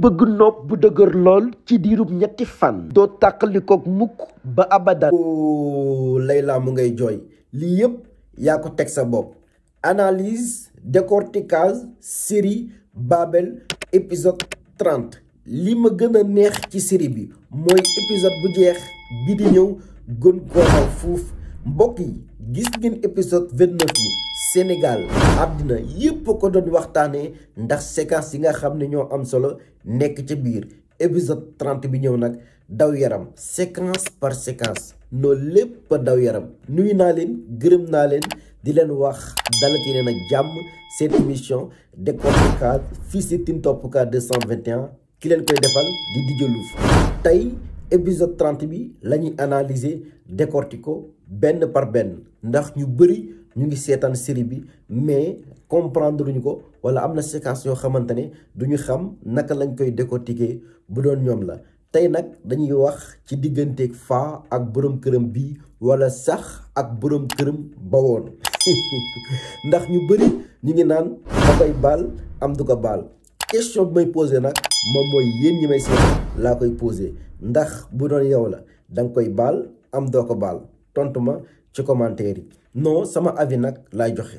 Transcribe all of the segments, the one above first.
bëgg nopp bu dëgër lool ci diirub ñetti fan doo tàqalikook mukk ba abadan o oh, Layla mu ngay jooy lii yépp yaa ko teg sa bopp analyse décortiquage série Babel épisode trent li ma gën a neex ci série bi mooy épisode bu jeex bi di ñëw gën koo raw fuuf mbokk yi gis ngeen épisode 29 bi Sénégal àddina yépp ko doon waxtaanee ndax séquence yi nga xam ne ñoo am solo nekk ca biir épisode trente bi ñëw nag daw yaram séquence par séquence noonu lépp daw yaram nuyu naa leen gërëm naa leen di leen wax dalati leen ak jàmm seen émission Décortique Cas fii si Teen Top Cas 221 ki leen koy defal di Dj tey épisode 30 bi la ñuy analyser décortiquer ko benn par benn ndax ñu bëri ñu ngi seetaan série bi mais comprendre luñu ko wala am na séquence yoo xamante ne du xam naka lañ koy décortiquer bu doon ñoom la tey nag dañuy wax ci digganteeg fa ak borom këram bi wala sax ak borom këram ba ndax ñu bëri ñu ngi naan dafay baal am du ko baal question bi may posé nag. moom mooy yéen ñi may seet laa koy posé ndax bu doon yow la danga koy baal am doo ko baal tontu ma ci commentaire yi non sama avis nag laay joxe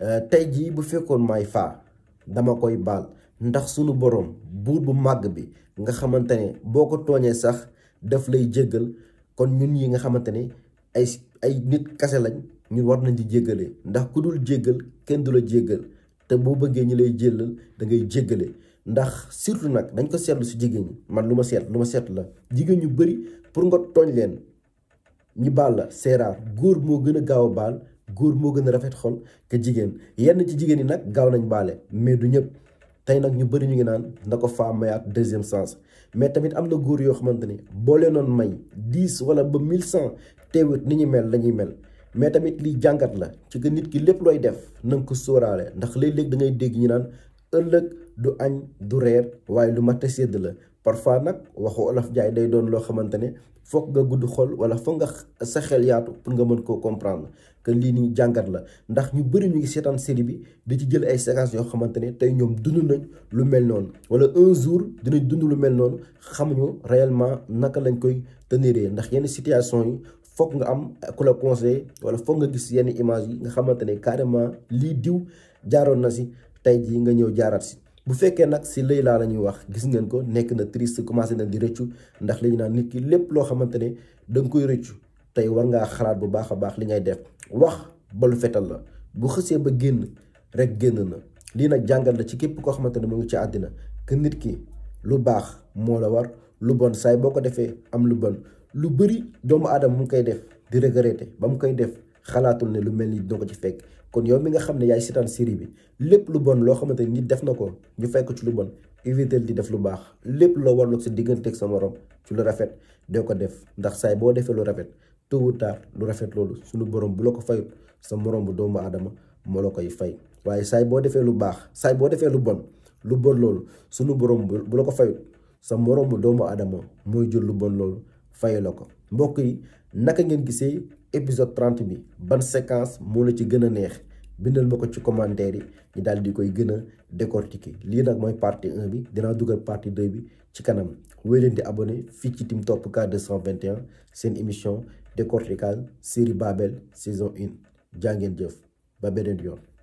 euh, tey jii bu fekkoon may faa dama koy baal ndax sunu boroom buur bu màgg bi nga xamante ne boo ko tooñee sax daf lay jéggal kon ñun yi nga xamante ne ay ay nit kase lañ ñu war nañ di jéggale ndax ku dul jéggal kenn du la jéggal te boo bëggee ñi lay jéllal da ngay jéggale ndax surtout nag dañ ko seetlu si jigéen ñi man lu ma seet lu ma seet la jigéen ñu bëri pour nga tooñ leen ñi baal la c'est góor moo gën a gaaw a baal góor moo gën a rafet xol que jigéen yenn ci jigéen ñi nag gaaw nañ baale mais du ñëpp tey nag ñu bëri ñu ngi naan na ko faa mayaat deuxième sens mais tamit am na góor yoo xamante ni boo leen doon may dix wala ba mille cent teewut ni ñu mel la ñuy mel mais tamit lii jàngat la ci que nit ki lépp looy def na ko sóoraale ndax léeg-léeg da dégg ñu naan ëllëg du añ du reer waaye lu mat a sédd la parfois nag waxu olof jaay day doon loo xamante ne foog nga gudd xol wala foog nga sa xel yaatu pour nga mën koo comprendre que lii nii jàngat la ndax ñu bëri ñu ngi seetaan série bi di ci jël ay séquences yoo xamante ne tey ñoom dund nañ lu mel noonu wala un jour dinañ dund lu mel noonu xamuñu réellement naka lañ koy teniree ndax yenn situation yi foog nga am ku la conseiller wala foog nga gis yenn image yi nga xamante ne carrément lii diw jaaroon na si tey jii nga ñëw jaaraat si bu fekkee nag si Leyla la ñuy wax gis ngeen ko nekk na triste commencé na di rëccu ndax li ñu naan nit ki lépp loo xamante ne da nga koy rëccu tey war ngaa xalaat bu baax a baax li ngay def wax balu fetal la bu xësee ba génn rek génn na lii nag jàngal la ci képp koo xamante ne mu ngi ci àddina que nit ki lu baax moo la war lu bon saay boo ko defee am lu bon lu bëri doomu aadama mu ngi koy def di regretter ba mu koy def xalaatul ne lu mel ni dina ko ci fekk kon yow mi nga xam ne yaay seetaan série bi lépp lu bon loo xamante ni def na ko ñu fekk ci lu bon éviter di def lu baax lépp loo warloog sa digganteeg sa morom lu rafet doo ko def ndax saay boo defee lu rafet tôt ou tard lu rafet loolu suñu boroom bu la ko fayut sa moroom bu doomu aadama moo la koy fay waaye saay boo defee lu baax saay boo defee lu bon lu bon loolu suñu borom bu la ko fayut sa morom doomu aadama mooy jël lu bon loolu faye la ko mbokk naka ngeen gisee épisode trente bi ban séquence moo la ci gën a neex bindal ma ko ci commentaire yi ñu daal di koy gën a décortiquer lii nag mooy partie 1 bi dinaa dugal partie 2 bi ci kanam wéy leen di abonné fii ci Tim Top Cas 221 seen émission décorticale série Babel saison 1 jàngeen jëf ba beneen yoon